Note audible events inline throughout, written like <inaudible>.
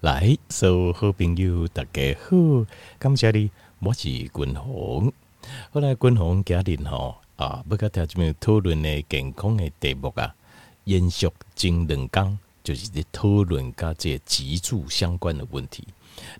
來，所、so, 有好朋友，大家好！感謝你，我是軍鴻。後來軍鴻今天哈啊，要甲恁大家討論的健康的題目啊，延續前兩講就是在討論加這脊柱相關的問題。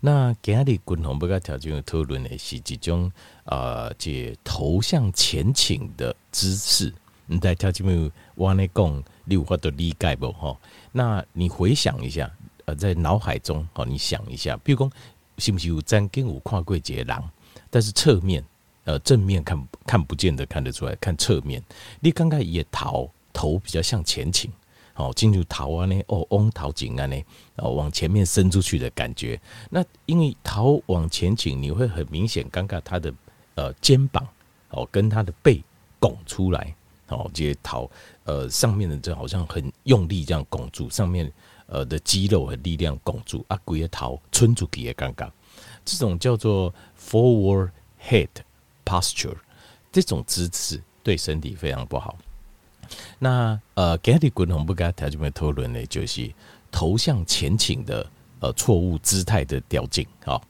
那今天軍鴻要甲恁大家討論的是一種啊，這、呃、頭向前傾的姿勢。你在恁大家我按呢講，你有法度理解不吼？那你回想一下。在腦海中哦，你想一下，比如講，是不是有站跟五跨這截狼，但是側面呃正面看看不見的看得出來，看側面，你剛剛也頭，頭比較向前傾，哦，進入頭啊呢，哦，翁頭緊啊呢，哦，往前面伸出去的感覺，那因為頭往前傾，你會很明顯尷尬他的呃肩膀哦跟他的背拱出來，哦，這些頭呃上面的就好像很用力這樣拱住上面。呃，的肌肉和力量共住啊，整個頭伸出去的感覺。這種叫做 forward head posture，這種姿勢對身體非常不好。那呃，今天呢，我們跟大家討論的就是頭向前傾的呃錯誤姿態的調整，喔。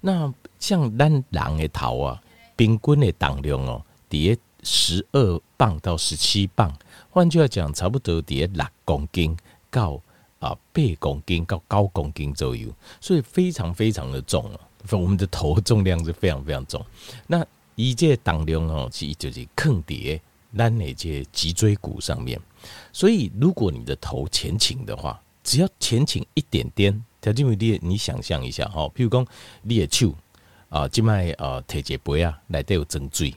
那像咱人的頭啊，平均的重量哦，喔，跌十二磅到十七磅，換句話講，差不多跌六公斤到。啊，八公斤到九公斤左右，所以非常非常的重。我們的頭重量是非常非常重。那一介當中哦，其實就是坑疊拉那介脊椎骨上面。所以，如果你的頭前傾的話，只要前傾一點點，條件有低，你想象一下哦。譬如講，你的手啊，即賣啊鐵結杯啊，來都有針嘴，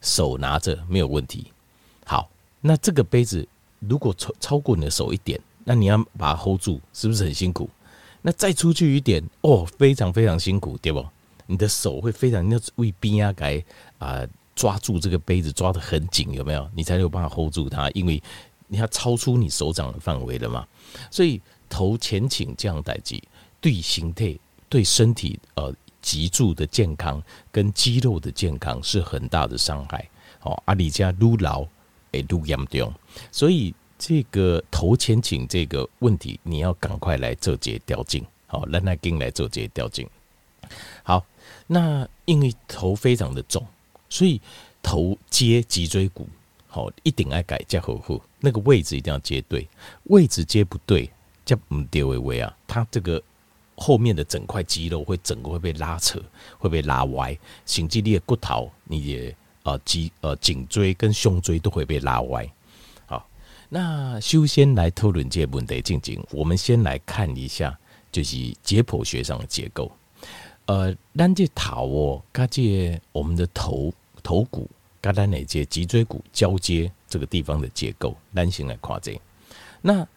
手拿着沒有問題。好，那這個杯子如果超超過你的手一點。那你要把它 hold 住，是不是很辛苦？那再出去一點哦，非常非常辛苦，對不？你的手會非常，你要為冰壓該啊，抓住這個杯子抓得很緊，有沒有？你才有辦法 hold 住它，因為你要超出你手掌的範圍了嘛。所以頭前傾這樣代級，對形態、對身體、呃脊柱的健康跟肌肉的健康是很大的傷害。哦，阿里加愈老會愈嚴重，所以。這個頭前傾這個問題，你要趕快來做這矯正，好，讓那跟來做這矯正。好，那因為頭非常的重，所以頭接脊椎骨，好，一定要改叫呵護，那個位置一定要接對，位置接不對叫唔對微微啊，它這個後面的整塊肌肉會整個會被拉扯，會被拉歪，甚至你的骨頭，你的呃，脊呃，頸椎跟胸椎都會被拉歪。那首先來討論這個問題。靜，我們先來看一下，就是解剖學上的結構。呃，咱這頭哦，跟這我們的頭頭骨，跟咱的這脊椎骨交接這個地方的結構，咱先來看這。那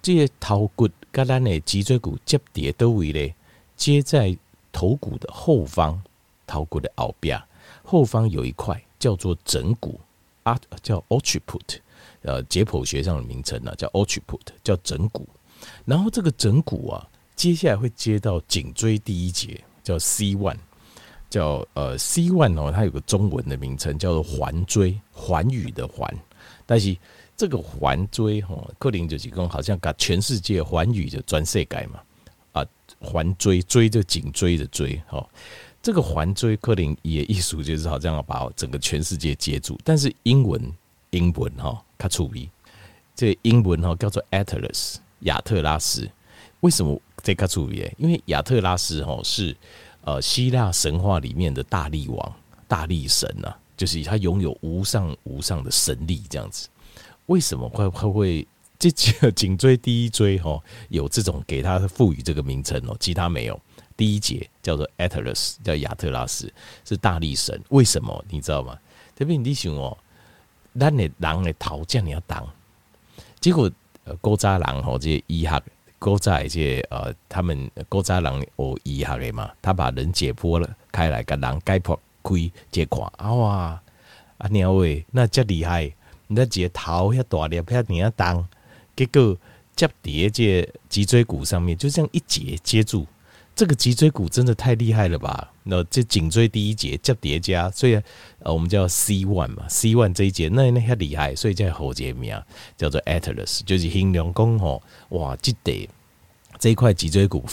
這些頭骨，跟咱的脊椎骨接疊到位嘞，接在頭骨的後方，頭骨的後邊，後方有一塊叫做枕骨。啊，叫 occiput 呃，解剖學上的名稱呢、啊，叫 occiput 叫枕骨。然後這個枕骨啊，接下來會接到頸椎第一節，叫 C one，叫呃 C one 哦，它有個中文的名稱叫做環椎，環宇的環。但是這個環椎吼、哦，克林就幾公好像把全世界環宇的轉世界嘛，啊，環椎椎就頸椎的椎吼。哦這個環椎，克林也一術就是好像要把整個全世界接住，但是英文，英文哈，它出名。這個英文哈，喔，叫做 Atlas 亞特拉斯，為什麼這它出名？因為亞特拉斯哈是呃希臘神話裡面的大力王，大力神吶，啊，就是他擁有無上無上的神力這樣子。為什麼會會會這幾個頸椎第一椎哈，喔，有這種給他賦予這個名稱哦，其他沒有。第一節叫做 Atlas 叫亞特拉斯，是大力神。為什麼你知道嗎？特別你想哦、喔，咱的人的頭這樣重，要擋。結果，古早人吼和這醫學古早的這些呃，他們古早人學醫學的嘛，他把人解剖了開來，個人解剖開，這看啊哇安尼鳥喂，那真厲害！那這頭遐大力，遐爾重，結果，接疊這脊椎骨上面，就這樣一截接住。這個脊椎骨真的太厲害了吧？那這頸椎第一節叫疊加，所以我們叫 C one 嘛，C one 這一節那那很厲害，所以叫喉結名啊，叫做 Atlas，就是形容工哦，哇，記得這一塊脊椎骨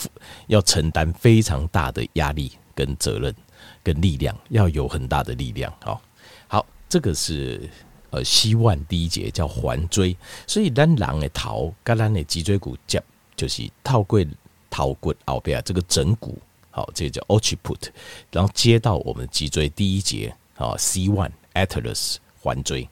要承擔非常大的壓力跟責任跟力量，要有很大的力量哦。好，這個是呃 C one 第一節叫寰椎，所以咱人的頭跟咱的脊椎骨接就是透過頭骨、腦皮這個枕骨，好、哦，這個叫 occiput，然後接到我們的脊椎第一節好、哦、C1 Atlas 環椎。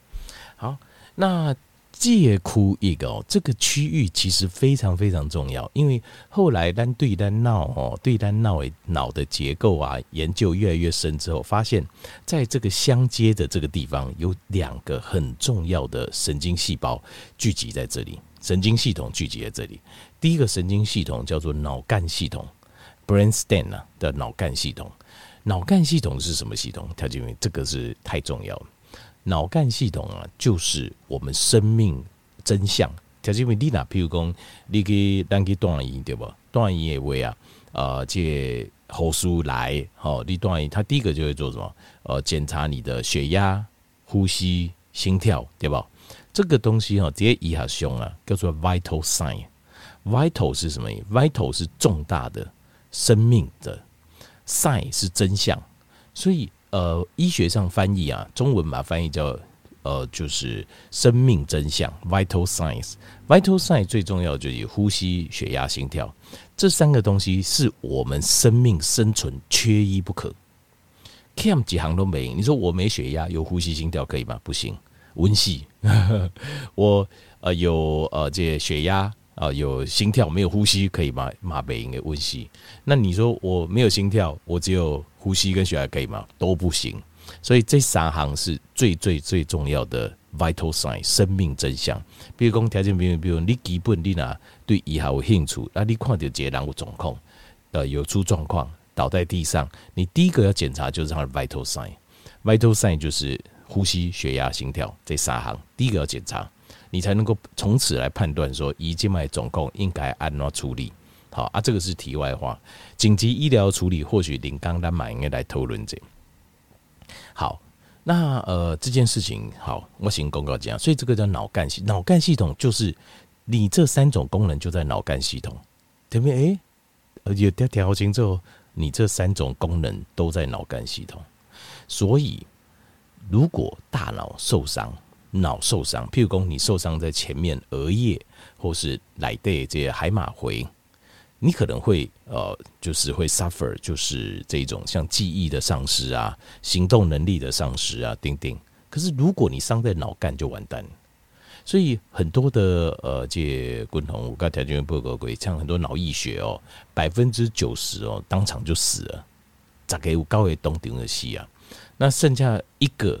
好，那介哭一個哦，這個區域其實非常非常重要，因為後來單對單腦哦，對單腦誒腦的結構啊研究越來越深之後，發現在這個相接的這個地方有兩個很重要的神經細胞聚集在這裡，神經系統聚集在這裡。第一個神經系統叫做腦幹系統 （brain stem） 啊，的腦幹系統。腦幹系統是什麼系統？調節員，這個是太重要了。腦幹系統啊，就是我們生命真相。調節員，麗娜，比如講，你給咱給大醫院對不？大醫院也會啊，呃，借侯叔來好、哦，你大醫院他第一個就會做什麼？呃，檢查你的血壓、呼吸、心跳，對不？這個東西哈，在醫學上啊，叫做 vital sign。Vital 是什麼意思？Vital 是重大的、生命的。Sign 是真相，所以呃，醫學上翻譯啊，中文嘛翻譯叫呃，就是生命真相。Vital science，Vital sign 最重要就是呼吸、血壓、心跳這三個東西是我們生命生存缺一不可。Cam 幾行都沒，你說我沒血壓有呼吸心跳可以嗎？不行，溫系 <laughs> 我呃有呃這血壓。啊、呃，有心跳沒有呼吸可以嗎？馬北應該問習。那你說我沒有心跳，我只有呼吸跟血壓可以嗎？都不行。所以這三項是最最最重要的 vital sign 生命徵象。比如講，條件比如比如你基本你若對醫學有興趣、啊、你看到一個人有狀況，那你快就接然後掌控。呃，有出狀況倒在地上，你第一個要檢查就是他的 vital sign。vital sign 就是呼吸、血壓、心跳這三項，第一個要檢查。你才能夠從此來判斷說，一靜脈總共應該按哪處理？好啊，這個是題外話。緊急醫療處理，或許林剛他們應該來討論這。好，那呃，這件事情好，我先公告這樣。所以這個叫腦幹系，腦幹系統就是你這三種功能就在腦幹系統對不對。特別誒而且調調好之後，你這三種功能都在腦幹系統。所以如果大腦受傷，腦受傷，譬如說你受傷在前面額葉，或是奶帶這些海馬回，你可能會呃，就是會 suffer，就是這種像記憶的喪失啊，行動能力的喪失啊，等等。可是如果你傷在腦幹，就完蛋了。所以很多的呃，這些共同我剛條件不合規，像很多腦溢血哦，百分之九十哦，當場就死了。咋個有高位動頂的西啊？那剩下一個。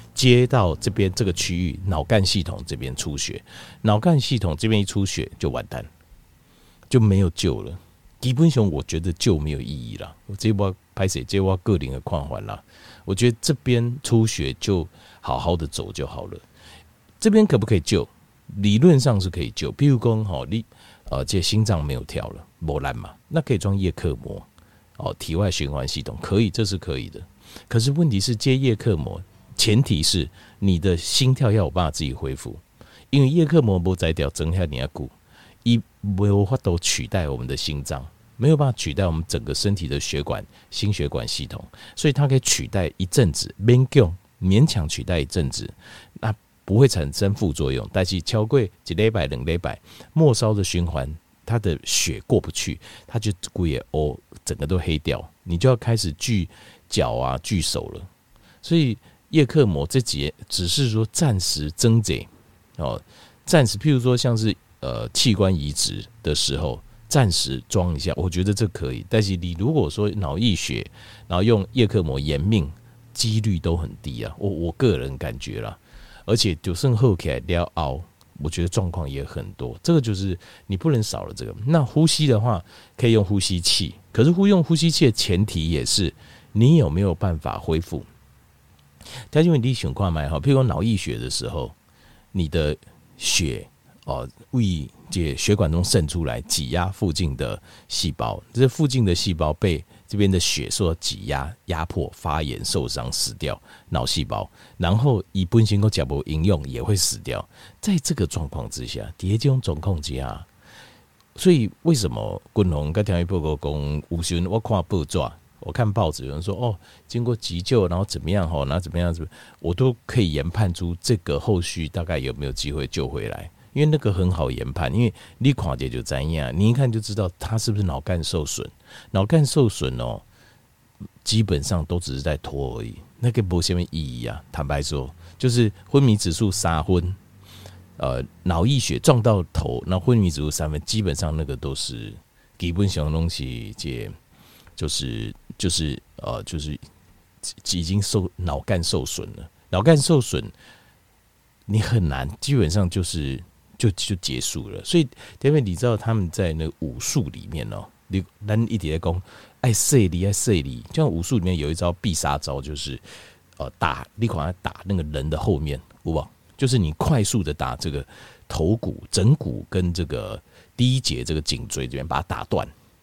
接到這邊這個區域腦幹系統這邊出血，腦幹系統這邊一出血就完蛋，就沒有救了。基本上我覺得救沒有意義了。我這波拍誰？這波個人的狂歡了。我覺得這邊出血就好好的走就好了。這邊可不可以救？理論上是可以救。譬如說，好，你啊，這心臟沒有跳了，磨爛嘛，那可以裝葉克膜，哦，體外循環系統可以，這是可以的。可是問題是接葉克膜。前提是你的心跳要有辦法自己恢復，因為葉克膜不摘掉，整條下你的骨，一沒有辦法都取代我們的心臟，沒有辦法取代我們整個身體的血管、心血管系統，所以它可以取代一陣子，勉強勉強取代一陣子，那不會產生副作用。但是超過一禮拜、兩禮拜，末梢的循環，它的血過不去，它就骨也哦，整個都黑掉，你就要開始鋸腳啊、鋸手了，所以。葉克膜這節只是說暫時增減，哦，暫時，譬如說像是呃器官移植的時候，暫時裝一下，我覺得這可以。但是你如果說腦溢血，然後用葉克膜延命，幾率都很低啊。我我個人感覺啦，而且九勝後起來療熬，我覺得狀況也很多。這個就是你不能少了這個。那呼吸的話可以用呼吸器，可是呼用呼吸器的前提也是你有沒有辦法恢復。他因為你情況蠻好，譬如腦溢血的時候，你的血哦胃，這血管中滲出來，擠壓附近的細胞，這、就是、附近的細胞被這邊的血受到擠壓、壓迫、發炎、受傷、死掉，腦細胞，然後以本身個腳步應用也會死掉。在這個狀況之下，第一種用總控制啊。所以為什麼國龍個天氣報告講無訊？有時候我看報紙。我看報紙，有人說哦，經過急救，然後怎麼樣？吼，然後怎麼樣？怎麼，我都可以研判出這個後續大概有沒有機會救回來。因為那個很好研判，因為你看見就怎樣，你一看就知道他是不是腦幹受損。腦幹受損哦，基本上都只是在拖而已，那個沒什麼意義啊。坦白說，就是昏迷指數三分，呃，腦溢血撞到頭，那昏迷指數三分，基本上那個都是基本上東西解，就是就是呃就是已經受腦幹受損了，腦幹受損，你很難，基本上就是就就結束了。所以因為你知道他們在那個武術裡面哦、喔，你人一直在講，愛射你愛射你，就像武術裡面有一招必殺招，就是呃打，你看他打那個人的後面，好，就是你快速的打這個頭骨、枕骨、跟這個第一節這個頸椎這邊，把它打斷。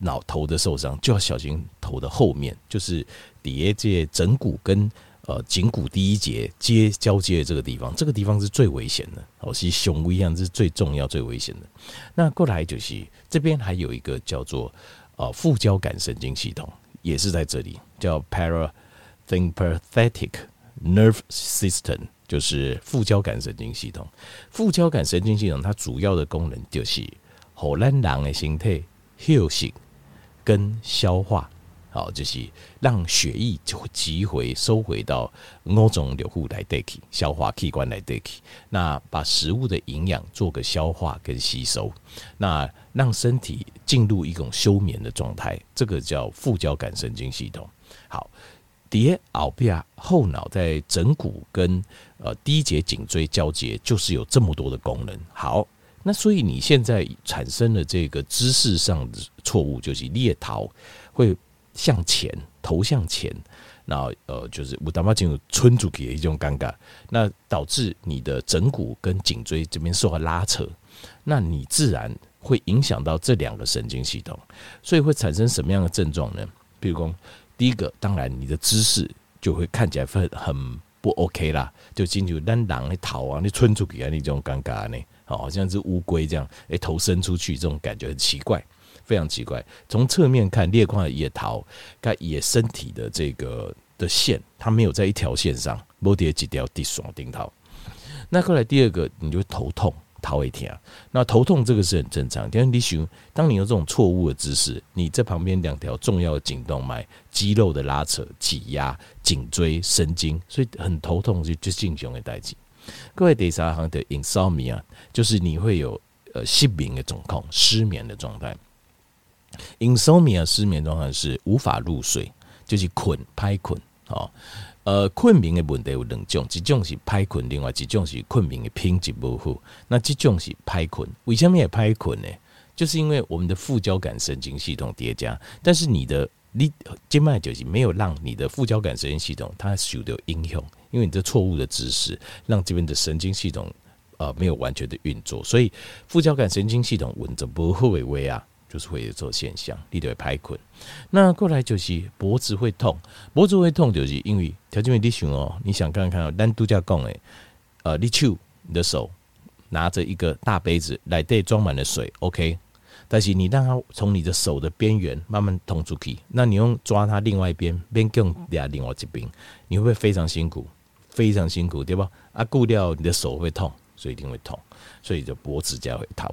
腦頭的受傷就要小心頭的後面，就是底下這枕骨，跟呃頸骨第一節接，交接的這個地方，這個地方是最危險的，好是熊一樣，是最重要、最危險的。那過來就是這邊還有一個叫做呃副交感神經系統，也是在這裡叫 parasympathetic nerve system，就是副交感神經系統。副交感神經系統它主要的功能就是讓人的形態休息，跟消化，好，就是讓血液，就會集回收回到某種流固來代替消化器官來代替。那把食物的營養做個消化跟吸收，那讓身體進入一種休眠的狀態，這個叫副交感神經系統。好，蝶奧比亞後腦在枕骨跟呃第一節頸椎交接，就是有這麼多的功能。好。那所以你現在產生了這個姿勢上的錯誤，就是你的頭會向前，頭向前，然後呃就是五打發進入村出去的一種尷尬，那導致你的枕骨跟頸椎這邊受到拉扯，那你自然會影響到這兩個神經系統，所以會產生什麼樣的症狀呢？比如講，第一個當然你的姿勢就會看起來很很不 OK 啦，就進入咱人的頭啊，你村出去的那種尷尬呢。好像是烏龜這樣，哎、欸，頭伸出去，這種感覺很奇怪，非常奇怪。從側面看，裂眶、也逃，它也身體的這個的線，它沒有在一條線上。body 幾條 dis 雙那後來第二個，你就會頭痛，頭會疼。那頭痛這個是很正常。但是你想，當你有這種錯誤的姿勢，你在旁邊兩條重要的頸動脈肌肉的拉扯、擠壓頸椎神經，所以很頭痛很，就就進行的代級。各位，第三行的 insomnia 就是你會有呃失眠的狀況，失眠的狀態。insomnia 失眠狀態是無法入睡，就是困拍困哦。呃，困眠的問題有兩種，一種是拍困，另外一種是困眠的品質不好。那這種是拍困，為什麼也拍困呢？就是因為我們的副交感神經系統疊加，但是你的你靜脈就是沒有讓你的副交感神經系統它受到影響。因為你這錯誤的姿勢，讓這邊的神經系統，呃，沒有完全的運作，所以副交感神經系統穩着不會微啊，就是會有這種現象，你就會排困。那過來就是脖子會痛，脖子會痛就是因為條件沒地哦。你想看看，喔，單獨假講的呃，你手，你的手，拿着一個大杯子來這裡裝滿了水，OK，但是你讓它從你的手的邊緣慢慢捅出去，那你用抓它另外一邊邊更倆另外這邊，你會不會非常辛苦？非常辛苦，對不？啊，固掉你的手會痛，所以一定會痛，所以就脖子就會疼。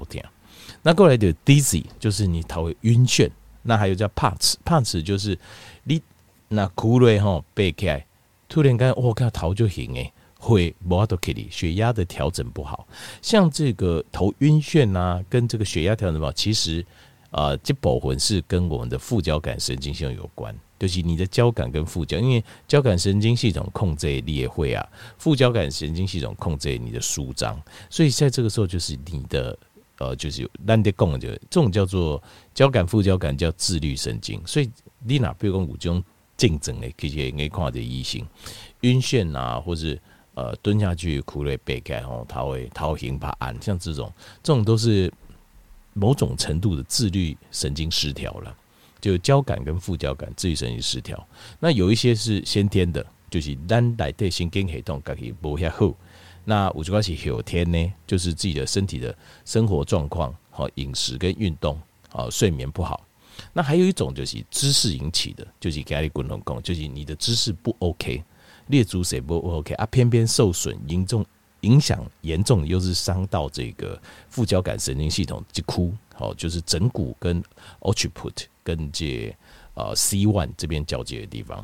那過來的 dizzy，就是你頭會暈眩。那還有叫怕齒，t s 就是你那苦累吼背開，突然間我靠頭就行誒，會 blood 血壓的調整不好，像這個頭暈眩啊，跟這個血壓調整不好，其實。啊、呃，這部分是跟我們的副交感神經系統有關，就是你的交感跟副交，因為交感神經系統控制你也會啊，副交感神經系統控制你的舒張，所以在這個時候就是你的呃，就是懶得講就是、這種叫做交感副交感叫自律神經，所以你哪別我武將競爭的，而且愛跨的異性暈眩啊，或是呃蹲下去苦累被蓋後，他會頭暈怕暗，像這種這種都是。某種程度的自律神經失調了，就交感跟副交感自律神經失調。那有一些是先天的，就是單來對神經系統感覺不太好。那我就話是後天呢，就是自己的身體的生活狀況、飲食跟運動、睡眠不好。那還有一種就是姿勢引起的，就是壓力滾就是你的姿勢不 OK，列足誰不 OK 啊？偏偏受損嚴重。影響嚴重，又是傷到這個副交感神經系統即哭，好，就是枕骨跟 occiput 跟、C1、這 C one 這邊交接的地方。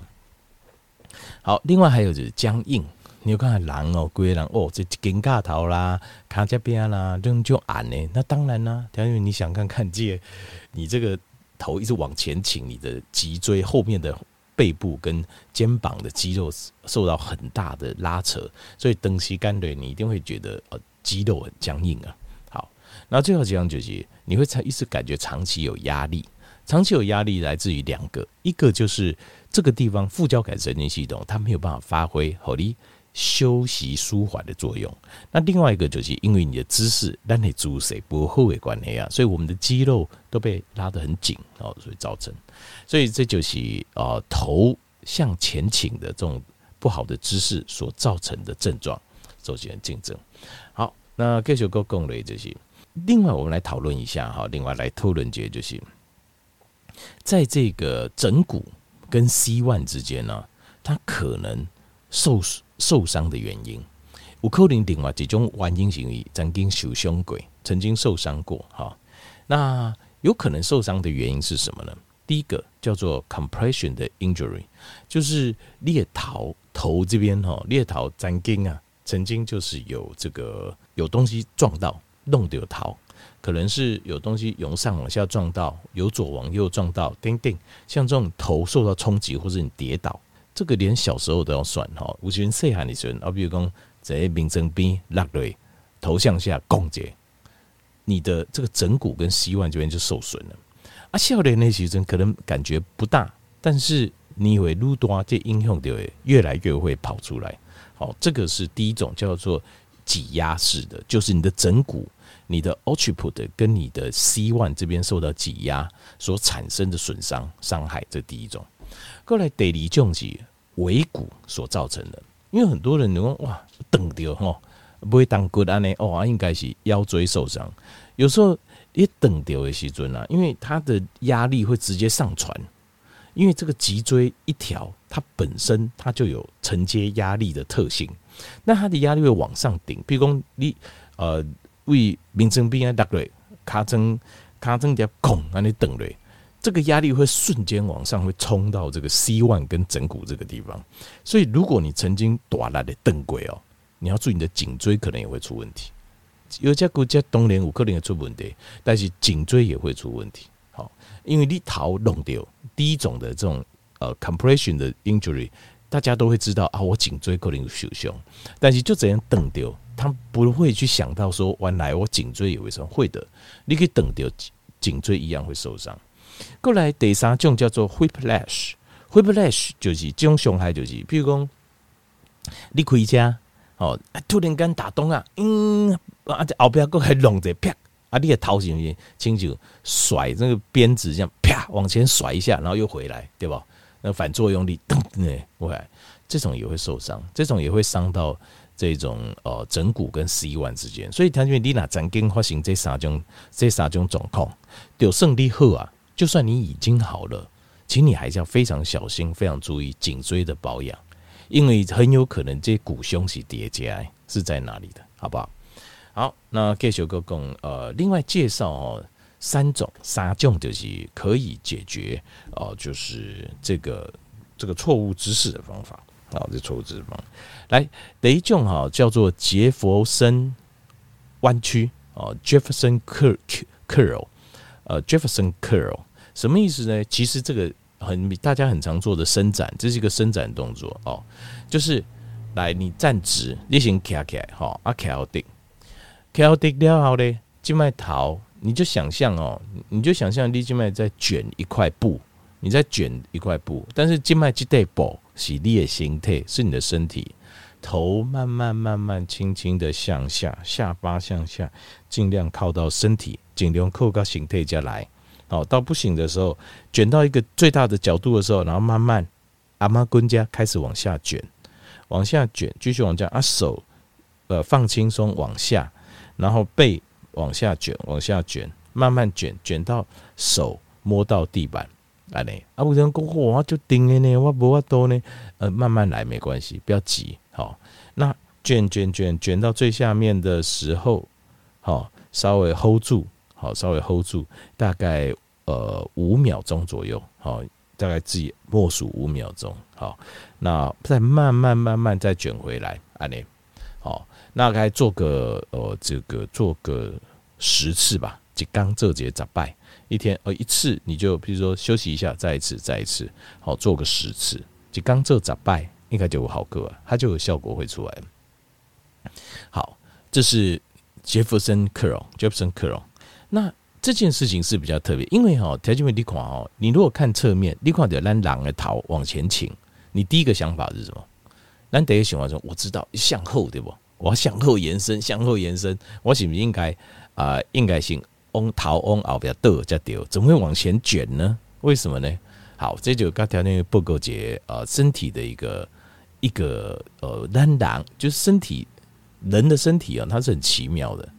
好，另外還有就是僵硬，你有看到狼哦、喔，龜狼哦，這尖蓋頭啦，卡加比啦，這就矮呢。那當然啦、啊，等於你想看看見你這個頭一直往前傾，你的脊椎後面的。背部跟肩膀的肌肉受到很大的拉扯，所以長時間下來你一定會覺得呃肌肉很僵硬啊。好，那最後幾項總結，你會常一直感覺長期有壓力，長期有壓力來自於兩個，一個就是這個地方副交感神經系統它沒有辦法發揮好，哩休息舒緩的作用。那另外一個就是，因為你的姿勢讓你姿勢不後位關係啊，所以我們的肌肉都被拉得很緊，然所以造成，所以這就是啊、呃、頭向前傾的這種不好的姿勢所造成的症狀，首先競爭好，那這首歌更累就是。另外，我們來討論一下哈，另外來討論節就是，在這個枕骨跟 C 腕之間呢、啊，它可能受。受傷的原因，五扣零零哇，這種玩型型魚曾經受傷過，曾經受傷過哈。那有可能受傷的原因是什麼呢？第一個叫做 compression 的 injury，就是你的頭，頭這邊哈，你的頭曾經啊，曾經就是有這個有東西撞到，弄到頭。可能是有東西由上往下撞到，由左往右撞到，叮叮，像這種頭受到衝擊或是你跌倒。這個連小時候都要算哈，五旬歲還你說啊。比如說在名稱邊落淚，頭向下攻擊，你的這個枕骨跟 C1 這邊就受損了。啊，笑臉那其實可能感覺不大，但是你以為擼多這影響就會越來越會跑出來。好、哦，這個是第一種叫做擠壓式的，就是你的枕骨、你的 occiput 跟你的 C1 這邊受到擠壓所產生的損傷傷害，這第一種。過來，第二種是尾骨所造成的。因為很多人講哇，等掉吼，不會當骨安呢？哦，應該是腰椎受傷。有時候一等掉的時陣啊，因為它的壓力會直接上傳。因為這個脊椎一條，它本身它就有承接壓力的特性，那它的壓力會往上頂。比如講，你呃為民生病啊，打雷卡中卡中節拱啊，你疼嘞。這個壓力會瞬間往上，會衝到這個 C 腕跟枕骨這個地方。所以，如果你曾經耷了的蹬軌哦，你要注意你的頸椎可能也會出問題。有些股只冬連我可能要出問題，但是頸椎也會出問題。好，因為你頭弄掉，第一種的這種呃 compression 的 injury，大家都會知道啊，我頸椎可能有受傷。但是就這樣蹬掉，他們不會去想到說，原來我頸椎也會受麼會的？你可以蹬掉頸椎一樣會受傷。過來第三種叫做 whip lash，whip lash 就是這種傷害就是，比如講你開車哦，突然間打東啊，嗯，啊這後邊過來弄一下啪，啊你的頭行不行？輕就甩那個鞭子這樣啪往前甩一下，然後又回來，對吧？那反作用力噔呢，過、呃、來這種也會受傷，這種也會傷到這種呃枕骨跟四一彎之間，所以他認為你那曾經發生這三種這三種狀況，有勝利後啊。就算你已經好了，請你還是要非常小心，非常注意頸椎的保養，因為很有可能這骨胸脊疊加是在哪裡的，好不好？好，那繼續哥共呃，另外介紹、哦、三種三種就是可以解決哦、呃，就是這個這個錯誤姿勢的方法啊、哦，這錯誤姿勢的方法。來第一種哈、哦、叫做杰佛森彎曲啊，傑佛森克克柔。呃，Jefferson Curl 什麼意思呢？其實這個很大家很常做的伸展，這是一個伸展動作哦，就是來你站直，你先卡起來。k、哦、哈，啊卡好定，卡好定了，然後呢，靜脈頭，你就想象哦，你就想象你靜脈在捲一塊布，你在捲一塊布，但是靜脈 t a b 是你的心態，是你的身體，頭慢慢慢慢輕輕的向下，下巴向下，盡量靠到身體。盡量扣到形態，再來，好到不行的時候，捲到一個最大的角度的時候，然後慢慢阿媽坤家開始往下捲，往下捲，繼續往下、啊，阿手呃放輕鬆往下，然後背往下捲，往下捲，慢慢捲，捲到手摸到地板，安尼啊，有人講哇就頂了呢，哇無法度呢，呃慢慢來沒關係，不要急，好那捲捲捲捲到最下面的時候，好稍微 hold 住，好，稍微 hold 住，大概呃五秒鐘左右，好，大概自己默數五秒鐘，好，那再慢慢慢慢再捲回來，按呢，好，那該做個呃這個做個十次吧，就剛這節咋拜一天，一一天呃一次，你就譬如說休息一下，再一次再一次，好，做個十次，10次就剛這咋拜應該就好個，它就有效果會出來。好，這是 Jefferson Curl，Jefferson Curl。那這件事情是比較特別，因為哈條件面立塊哦，你如果看側面你看的咱人的頭往前傾，你第一個想法是什麼？咱第一個想法是我知道向後對不？我向後延伸，向後延伸，我是不是應該啊、呃？應該是往頭往後不要斗加丟，怎麼會往前卷呢？為什麼呢？好，這就剛條件不勾結啊，身體的一個一個呃咱人，就是身體人的身體啊、喔，它是很奇妙的。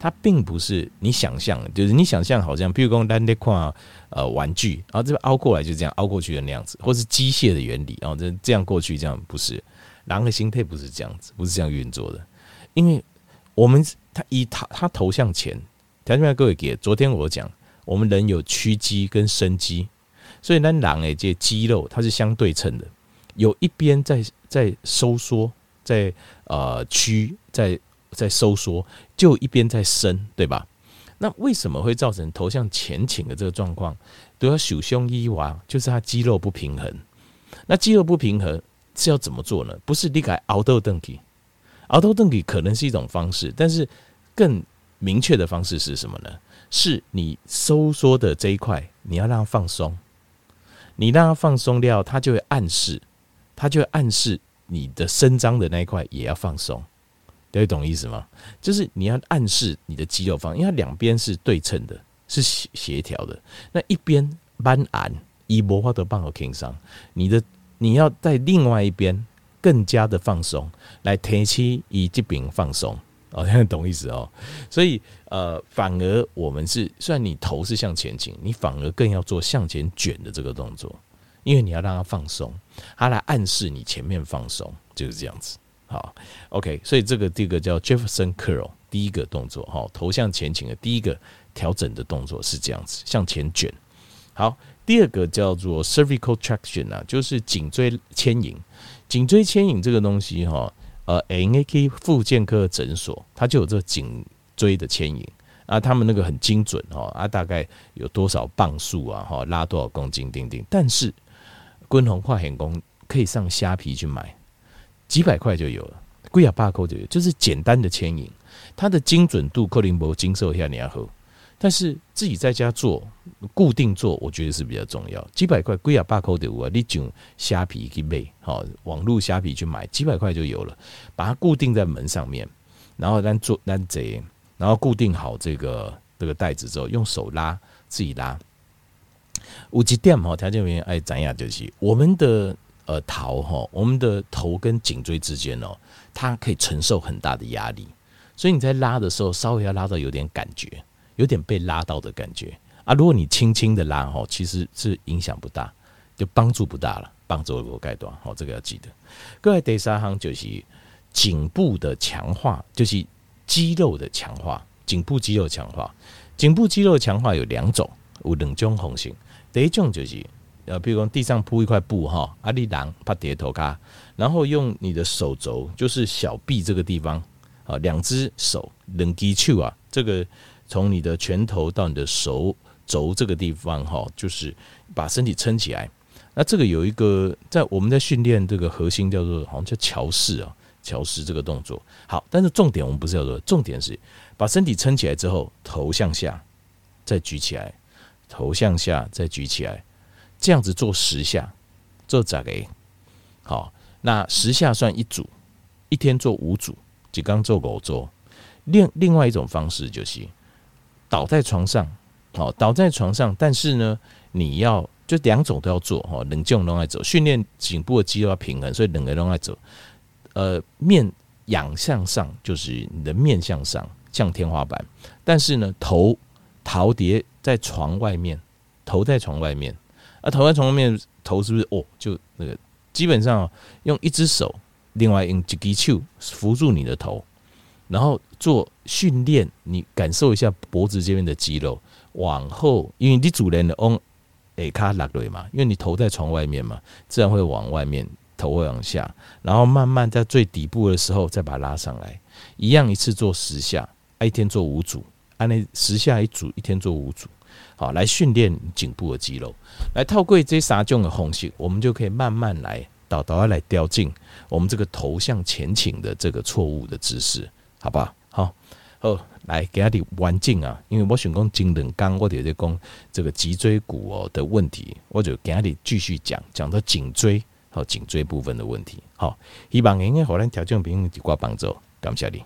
它並不是你想象的，就是你想象好像，譬如講單那塊呃玩具，然後這邊凹過來就這樣凹過去的那樣子，或是機械的原理，然後這這樣過去這樣不是。狼的心態不是這樣子，不是這樣運作的，因為我們它以它它頭向前，台面上各位給，昨天我講，我們人有屈肌跟伸肌，所以呢，狼誒這肌肉它是相對稱的，有一邊在在收縮，在呃屈在。在收縮，就一邊在伸，對吧？那為什麼會造成頭向前傾的這個狀況？都要手胸一娃，就是他肌肉不平衡。那肌肉不平衡是要怎麼做呢？不是你改熬頭蹬腿，熬頭蹬腿可能是一種方式，但是更明確的方式是什麼呢？是你收縮的這一塊，你要讓它放鬆。你讓它放鬆掉，它就會暗示，它就會暗示你的伸張的那一塊也要放鬆。你會懂意思嗎？就是你要暗示你的肌肉放，因為它兩邊是對稱的，是協協調的。那一邊彎按以無化的幫我聽傷，你的你要在另外一邊更加的放鬆，來提起以這邊放鬆哦，懂意思哦？所以呃，反而我們是雖然你頭是向前傾，你反而更要做向前卷的這個動作，因為你要讓它放鬆，它來暗示你前面放鬆，就是這樣子。好，OK，所以這個這個叫 Jefferson curl，第一個動作哈，頭向前傾的，第一個調整的動作是這樣子，向前捲。好，第二個叫做 cervical traction 啊，就是頸椎牽引。頸椎牽引這個東西哈，呃，NAK 復健科診所它就有這個頸椎的牽引，啊，他們那個很精準哈，啊，大概有多少磅數啊，哈，拉多少公斤，叮叮。但是昆宏化驗工可以上蝦皮去買。幾百塊就有了，貴甲八扣就有，就是簡單的牽引，它的精準度，克林伯、金壽、夏尼亞，但是自己在家做，固定做，我覺得是比較重要。幾百塊貴甲巴扣就有啊。你用蝦皮去買好，網路蝦皮去買，幾百塊就有了，把它固定在門上面，然後單做單這，然後固定好這個這個袋子之後，用手拉，自己拉。五 G 店哈，條件員哎怎樣就是我們的，呃，頭吼，我們的頭跟頸椎之間哦，它可以承受很大的壓力，所以你在拉的時候，稍微要拉到有點感覺，有點被拉到的感覺啊。如果你輕輕的拉吼，其實是影響不大，就幫助不大了，幫助了羅蓋短。好，這個要記得。各位第三行就是頸部的強化，就是肌肉的強化，頸部肌肉強化，頸部肌肉強化有兩種，有兩種方式。第一種就是。呃，比如講地上鋪一塊布哈，阿里郎怕跌頭卡，然後用你的手肘，就是小臂這個地方，啊，兩隻手 l o n 啊，這個從你的拳頭到你的手肘這個地方哈，就是把身體撐起來。那這個有一個在我們在訓練這個核心叫做好像叫橋式啊，橋式這個動作好，但是重點我們不是叫做重點是把身體撐起來之後，頭向下再舉起來，頭向下再舉起來。這樣子做十下，做幾個好？那十下算一組，一天做五組。就剛做五組。另另外一種方式就是倒在床上，好、哦，倒在床上。但是呢，你要就兩種都要做哈，兩種都要做，訓練頸部的肌肉要平衡，所以兩種都要做。呃，面仰向上，就是你的面向上向天花板，但是呢，頭頭疊在床外面，頭在床外面。啊，頭在床外面，頭是不是哦？就那個，基本上、哦、用一隻手，另外用吉吉球扶住你的頭，然後做訓練，你感受一下脖子這邊的肌肉。往後，因為你主人的哦，哎卡拉瑞嘛，因為你頭在床外面嘛，自然會往外面，頭會往下，然後慢慢在最底部的時候再把它拉上來，一樣一次做十下，一天做五組，按那十下一組，一天做五組。好，來訓練頸部的肌肉，來透過這三種的方式，我們就可以慢慢來導導下來矯正我們這個頭向前傾的這個錯誤的姿勢，好吧？好哦，來給他哋環境啊！因為我想講精韌剛，我哋在講這個脊椎骨的問題，我就給他哋繼續講講到頸椎和頸椎部分的問題。好，希望應該像調整件平就掛幫助，感謝你。